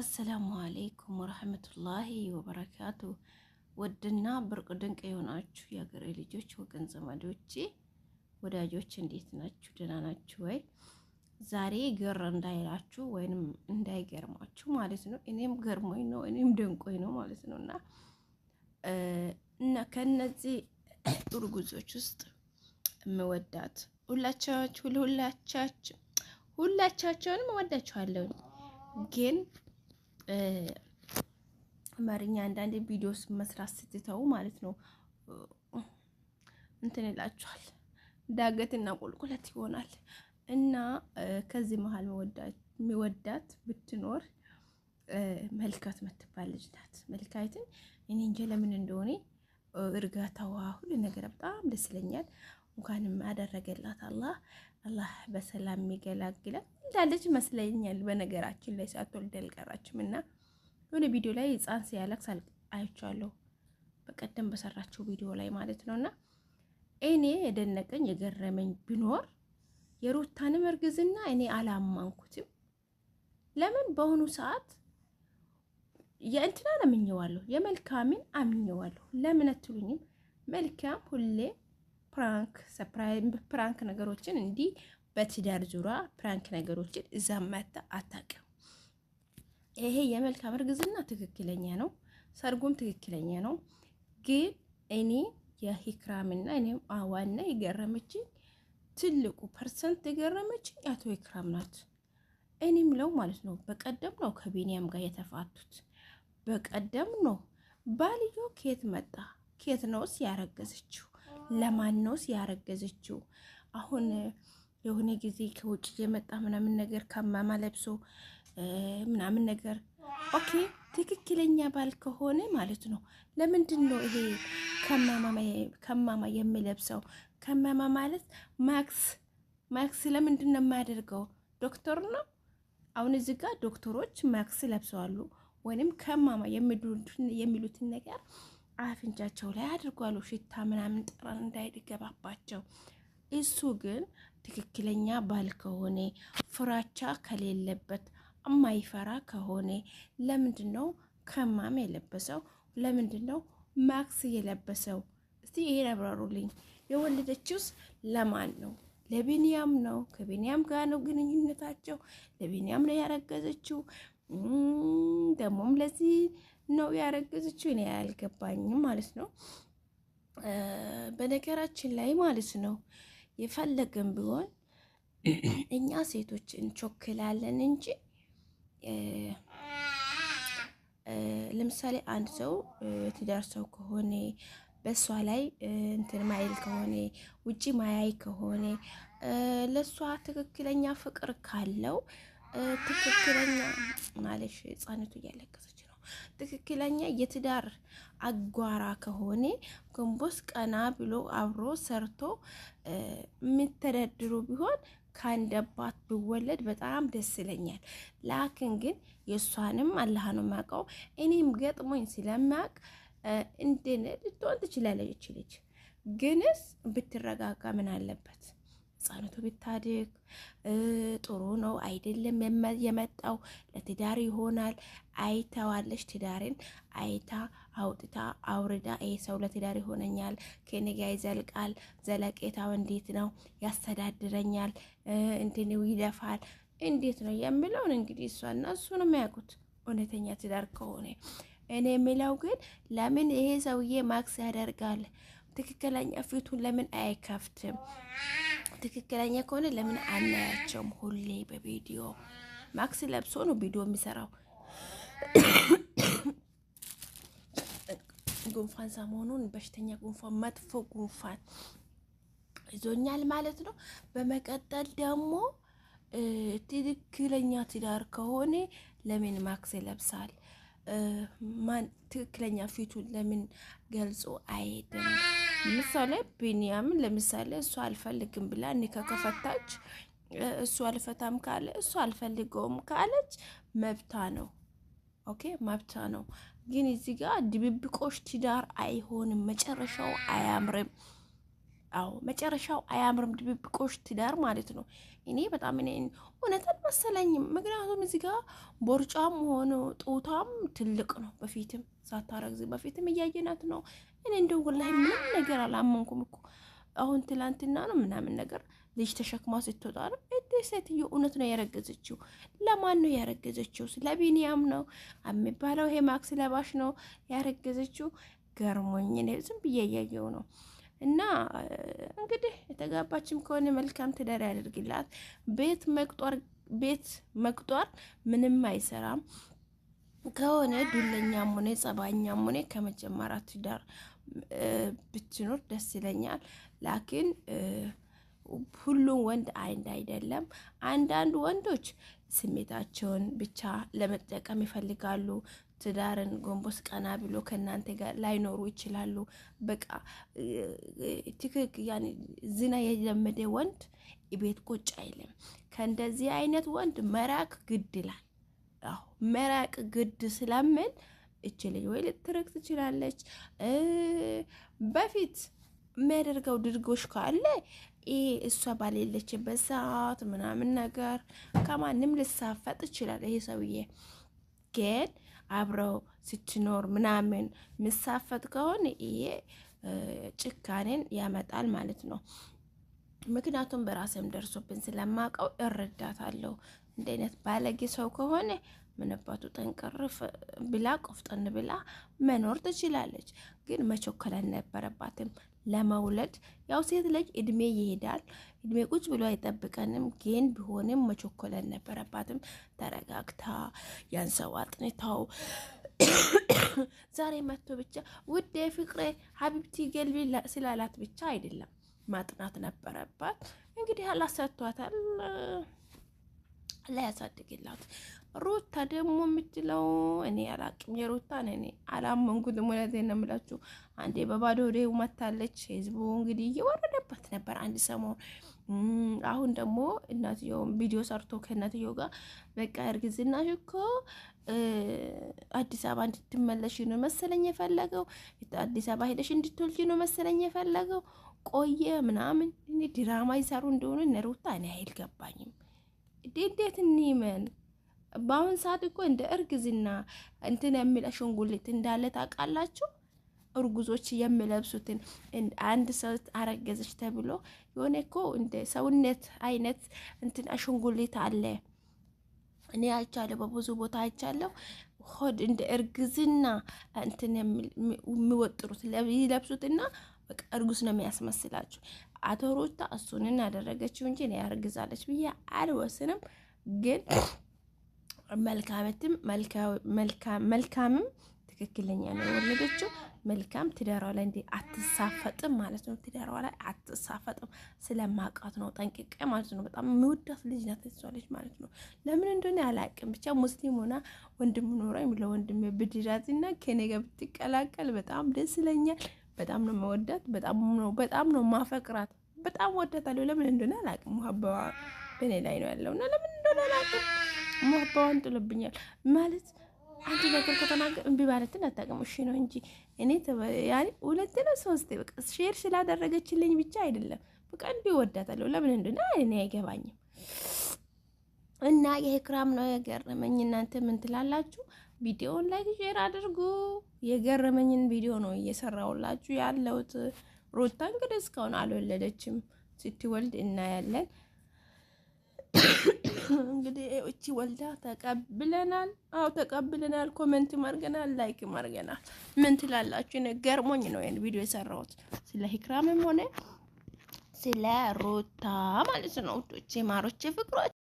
አሰላሙ አሌይኩም ወረህመቱላሂ ወበረካቱ። ውድና ብርቅ ድንቅ የሆናችሁ የአገሬ ልጆች ወገን ዘመዶቼ፣ ወዳጆች እንዴት ናችሁ? ደህና ናችሁ ወይ? ዛሬ ግር እንዳይላችሁ ወይንም እንዳይገርማችሁ ማለት ነው። እኔም ገርሞኝ ነው እኔም ደንቆኝ ነው ማለት ነው። እና እና ከነዚህ እርጉዞች ውስጥ የምወዳት ሁላቻችሁ ሁላቻችሁ ሁላቻቸውንም እወዳችኋለሁ ግን አማርኛ አንዳንዴ ቪዲዮስ መስራት ስትተው ማለት ነው እንትን ይላችኋል፣ ዳገትና ቁልቁለት ይሆናል። እና ከዚህ መሀል የሚወዳት ብትኖር መልካት የምትባል ልጅ ናት። መልካይትን እኔ እንጃ ለምን እንደሆነ እርጋታዋ፣ ሁሉ ነገር በጣም ደስ ይለኛል። እንኳንም አደረገላት አላህ አላህ በሰላም ይገላግላል እንዳለች መስለኛል። በነገራችን ላይ ሳትወልድ አልቀራችም እና የሆነ ቪዲዮ ላይ ህፃን ሲያለቅስ አይቻለሁ፣ በቀደም በሰራቸው ቪዲዮ ላይ ማለት ነው። እና እኔ የደነቀኝ የገረመኝ ቢኖር የሩታንም እርግዝና እኔ አላማንኩትም። ለምን በአሁኑ ሰዓት የእንትናን አምኜዋለሁ፣ የመልካምን አምኜዋለሁ። ለምን አትሉኝም? መልካም ሁሌ ፕራንክ ፕራንክ ነገሮችን እንዲህ በትዳር ዙሪያ ፕራንክ ነገሮችን እዛ ማታ አታውቅም። ይሄ የመልካም እርግዝና ትክክለኛ ነው፣ ሰርጉም ትክክለኛ ነው። ግን እኔ የሂክራምና እኔም አዋና የገረመችኝ ትልቁ ፐርሰንት የገረመችኝ አቶ ኢክራም ናት። እኔም ለው ማለት ነው በቀደም ነው ከቢኒያም ጋር የተፋቱት በቀደም ነው ባልዮ ኬት መጣ። ኬት ነውስ ያረገዘችው? ለማን ነውስ ያረገዘችው? አሁን የሆነ ጊዜ ከውጭ የመጣ ምናምን ነገር ከማማ ለብሶ ምናምን ነገር ኦኬ፣ ትክክለኛ ባል ከሆነ ማለት ነው። ለምንድን ነው ይሄ ከማማ የሚለብሰው? ከማማ ማለት ማክስ ማክስ ለምንድን ነው የማያደርገው? ዶክተር ነው። አሁን እዚህ ጋር ዶክተሮች ማክስ ለብሰዋሉ። ወይንም ከማማ የሚሉትን ነገር አፍንጫቸው ላይ አድርጓሉ። ሽታ ምናምን ጠረን እንዳይገባባቸው። እሱ ግን ትክክለኛ ባል ከሆነ ፍራቻ ከሌለበት እማይፈራ ከሆነ ለምንድን ነው ከማም የለበሰው? ለምንድን ነው ማክስ የለበሰው? እስቲ ይሄን አብራሩልኝ። የወለደችውስ ለማን ነው? ለቢንያም ነው። ከቢንያም ጋር ነው ግንኙነታቸው። ለቢንያም ነው ያረገዘችው። ደግሞም ለዚህ ነው ያረገዘችው። እኔ አልገባኝም ማለት ነው። በነገራችን ላይ ማለት ነው የፈለገን ቢሆን እኛ ሴቶች እንቾክላለን እንጂ ለምሳሌ አንድ ሰው ትዳርሰው ከሆነ በእሷ ላይ እንትን ማይል ከሆነ ውጪ ማያይ ከሆነ ለእሷ ትክክለኛ ፍቅር ካለው ትክክለኛ ማለሽ ህጻነቱ እያለቀሰች ነው። ትክክለኛ የትዳር አጓራ ከሆነ ጎንቦስ ቀና ብሎ አብሮ ሰርቶ የምተዳድሩ ቢሆን ከአንድ አባት ብወለድ በጣም ደስ ይለኛል። ላክን ግን የእሷንም አላህ ነው የሚያውቀው። እኔም ገጥሞኝ ስለማያውቅ እንድን ልትሆን ትችላለች። ልጅ ግንስ ብትረጋጋ ምን አለበት? ህጻነቱ ብታድግ ጥሩ ነው አይደለም የመጣው ለትዳር ይሆናል። አይታዋለች ትዳርን አይታ አውጥታ አውርዳ ይህ ሰው ለትዳር ይሆነኛል፣ ከኔ ጋ ይዘልቃል፣ ዘለቄታው እንዴት ነው፣ ያስተዳድረኛል፣ እንትን ይለፋል፣ እንዴት ነው የምለውን እንግዲህ እሷና እሱ ነው የሚያውቁት እውነተኛ ትዳር ከሆነ እኔ የሚለው ግን ለምን ይሄ ሰውዬ ማክስ ያደርጋል? ትክክለኛ ፊቱን ለምን አይከፍትም? ትክክለኛ ከሆነ ለምን አናያቸውም? ሁሌ በቪዲዮ ማክስ ለብሶ ነው ቪዲዮ የሚሰራው። ጉንፋን ሰሞኑን በሽተኛ ጉንፋን፣ መጥፎ ጉንፋን ይዞኛል ማለት ነው። በመቀጠል ደግሞ ትክክለኛ ትዳር ከሆነ ለምን ማክስ ይለብሳል? ማን ትክክለኛ ፊቱን ለምን ገልጾ አይሄድም? ምሳሌ ቢንያምን ለምሳሌ እሱ አልፈልግም ብላ እኔ ከከፈታች እሱ አልፈታም ካለ እሱ አልፈልገውም ካለች መብታ ነው። ኦኬ መብታ ነው። ግን እዚህ ጋር ድብብቆሽ ትዳር አይሆንም፣ መጨረሻው አያምርም። አዎ መጨረሻው አያምርም። ድብብቆሽ ትዳር ማለት ነው። እኔ በጣም እኔ እውነት አልመሰለኝም። ምክንያቱም እዚህ ጋር ቦርጫም ሆነ ጡታም ትልቅ ነው። በፊትም ሳታረግዝ በፊትም እያየናት ነው። እኔ እንደው ወላሂ ምንም ነገር አላመንኩም እኮ አሁን ትላንትና ነው ምናምን ነገር ልጅ ተሸክማ ስትወጣ ነው እንደ ሴትዮ እውነት ነው ያረገዘችው። ለማን ነው ያረገዘችው? ስለ ነው የሚባለው። ሄማክስ ለባሽ ነው ያረገዘችው። ገርሞኝ ዝም ብዬ እያየው ነው እና እንግዲህ የተጋባችም ከሆነ መልካም ትዳር ያደርግላት። ቤት መቅጧር ቤት መቅጧር ምንም አይሰራም ከሆነ ዱለኛም ሆነ ጸባኛም ሆነ ከመጀመሪያ ትዳር ብትኖር ደስ ይለኛል። ላኪን ሁሉም ወንድ አንድ አይደለም። አንዳንድ ወንዶች ስሜታቸውን ብቻ ለመጠቀም ይፈልጋሉ። ትዳርን ጎንቦስ ቀና ብሎ ከእናንተ ጋር ላይኖሩ ይችላሉ። በቃ ትክክ ያን ዝና የለመደ ወንድ ቤት ቁጭ አይልም። ከእንደዚህ አይነት ወንድ መራቅ ግድ ይላል። አዎ መራቅ ግድ ስለምን እች ልጅ ወይ ልትርቅ ትችላለች። በፊት የሚያደርገው ድርጎች ካለ ይህ እሷ ባሌለችበት ሰዓት ምናምን ነገር ከማንም ልሳፈጥ ይችላል። ይሄ ሰውዬ ግን አብረው ስትኖር ምናምን ምሳፈጥ ከሆነ ይሄ ጭካኔን ያመጣል ማለት ነው። ምክንያቱም በራሴም ደርሶብን ስለማቀው እረዳታለሁ። እንደ አይነት ባለጌ ሰው ከሆነ ምንባቱ ጠንቀር ብላ ቆፍጠን ብላ መኖር ትችላለች፣ ግን መቸኮል አልነበረባትም። ለመውለድ ያው ሴት ልጅ እድሜ ይሄዳል። እድሜ ቁጭ ብሎ አይጠብቀንም። ግን ቢሆንም መቸኮለን ነበረባትም። ተረጋግታ ሰው አጥንታው ዛሬ መጥቶ ብቻ ውዴ ፍቅሬ ሀቢብቲ ገልቢ ስላላት ብቻ አይደለም ማጥናት ነበረባት። እንግዲህ አላሰቷታል። ላያሳድግላት ሩታ ደግሞ የምትለው እኔ አላቅም። የሩታን እኔ አላመንኩትም። እውነቴን ነው የምላችሁ። አንዴ በባዶ ወደ መታለች። ህዝቡ እንግዲህ እየወረደበት ነበር አንድ ሰሞን። አሁን ደግሞ እናትየውም ቪዲዮ ሰርቶ ከእናትየው ጋር በቃ እርግዝናሽ እኮ አዲስ አበባ እንድትመለሽ ነው መሰለኝ የፈለገው። አዲስ አበባ ሄደሽ እንድትወልጅ ነው መሰለኝ የፈለገው። ቆየ ምናምን ድራማ ይሰሩ እንደሆኑ እነ ሩታ እኔ አይል ገባኝም። እንዴት እንመን? በአሁን ሰዓት እኮ እንደ እርግዝና እንትን የሚል አሻንጉሊት እንዳለ ታውቃላችሁ። እርጉዞች የሚለብሱትን አንድ ሰው አረገዘች ተብሎ የሆነ እኮ እንደ ሰውነት አይነት እንትን አሻንጉሊት አለ። እኔ አይቻለሁ፣ በብዙ ቦታ አይቻለሁ። ሆድ እንደ እርግዝና እንትን የሚወጥሩት ይለብሱትና በቃ እርጉዝ ነው የሚያስመስላችሁ። አቶ ሩታ እሱን እናደረገችው እንጂ ያርግዛለች ብዬ አልወስንም። ግን መልካምትም መልካምም ትክክለኛ ነው የወለደችው። መልካም ትዳሯ ላይ እንዲ አትሳፈጥም ማለት ነው። ትዳሯ ላይ አትሳፈጥም ስለማውቃት ነው ጠንቅቄ ማለት ነው። በጣም የሚወዳት ልጅ ናት ልጅ ማለት ነው። ለምን እንደሆነ አላውቅም። ብቻ ሙስሊም ሆና ወንድም ኖረኝ ለወንድም ብድራትና ከኔ ጋር ብትቀላቀል በጣም ደስ ይለኛል። በጣም ነው መወዳት፣ በጣም ነው በጣም ነው ማፈቅራት፣ በጣም ወዳታለሁ። ለምን እንደሆነ አላውቅም። ሙሀባዋ በእኔ ላይ ነው ያለው ያለውና ለምን እንደሆነ አላውቅም። ሙሀባዋን ጥሎብኛል ማለት አንድ ነገር ከተናገር እምቢ ማለትን አታውቅም። እሺ ነው እንጂ እኔ ያኔ ሁለቴ ነው ሶስቴ በቃ ሼር ስላደረገችልኝ ብቻ አይደለም በቃ እንዲሁ ወዳታለሁ። ለምን እንደሆነ እኔ አይገባኝም። እና የኢክራም ነው የገረመኝ። እናንተ ምን ትላላችሁ? ቪዲዮውን ላይክ ሼር አድርጉ። የገረመኝን ቪዲዮ ነው እየሰራውላችሁ ያለሁት። ሩታ እንግዲህ እስካሁን አልወለደችም፣ ስትወልድ እናያለን። እንግዲህ እቺ ወልዳ ተቀብለናል። አዎ ተቀብለናል። ኮሜንት አድርገናል፣ ላይክ አድርገናል። ምን ትላላችሁ? እኔ ገርሞኝ ነው ይሄን ቪዲዮ የሰራሁት ስለ ሂክራምም ሆነ ስለ ሩታ ማለት ነው። ቶቼ ማሮቼ ፍቅሮች